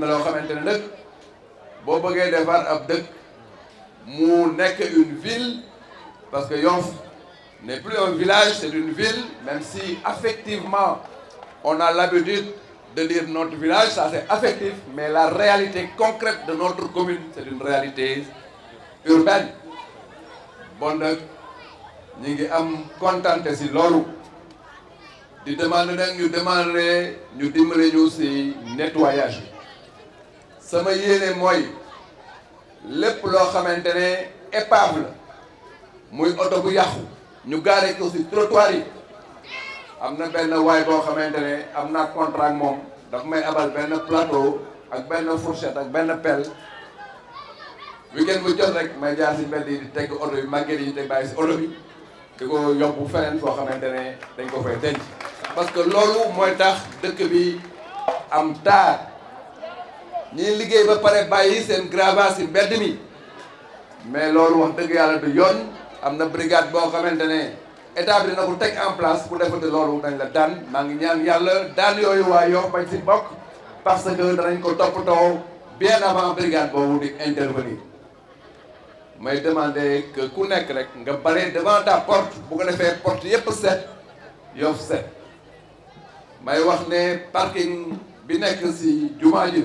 Nous avons ne une ville parce que Yonf n'est plus un village c'est une ville même si affectivement on a l'habitude de dire notre village ça c'est affectif mais la réalité concrète de notre commune c'est une réalité urbaine bon nag ñu ngi am de ci di demander nous ñu demander ñu aussi nettoyage sama yéene mooy lépp loo xamante ne la muy oto bu yàqu ñu gaare ko ci trottoir yi am na benn waay boo xamante ne am daf may abal plateau ak fourchette ak pelle weekend bu jot rek may jaar mbedd di teg oto bi te bàyyi ci oto bi di ko feneen parce que loolu mooy tax dëkk bi am ñii liggéey ba pare bayyi seen gravas ci mbedd mi mais loolu wax dëgg yàlla du yoon am na brigade boo xamantene état bi dina ko teg en place pour defante loolu dañ la daan maa ngi ñaan yàlla daan yooyu waa Yoff bañ ci bokk parce que danañ ko toppatoo bien avant brigade boobu di intervenir may demandé que ku nekk rek nga bale devant ta porte bu ko defee porte yépp set Yoff set may wax ne parking bi nekk ci jumaa ji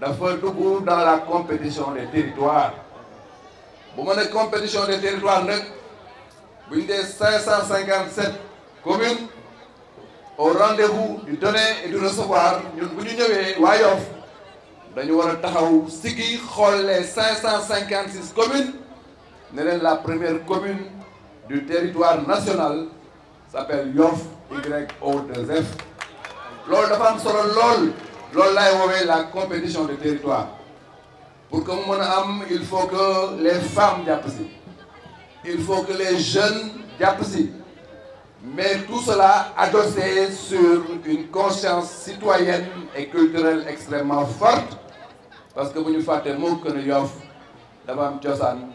de coup dans la compétition des territoires bu ma compétition des territoires il y a 557 communes au rendez-vous du donner et du recevoir nous bu ñu nous waa Yoff dañu war taxaw sigi xool les 556 communes ne la première commune du territoire national s'appelle Yoff Y O 2 F loolu dafa am solo lool L'OLA la compétition du territoire pour que mon âme, il faut que les femmes y il faut que les jeunes y mais tout cela adossé sur une conscience citoyenne et culturelle extrêmement forte parce que nous ñu que mots que nous Yoff am cosaan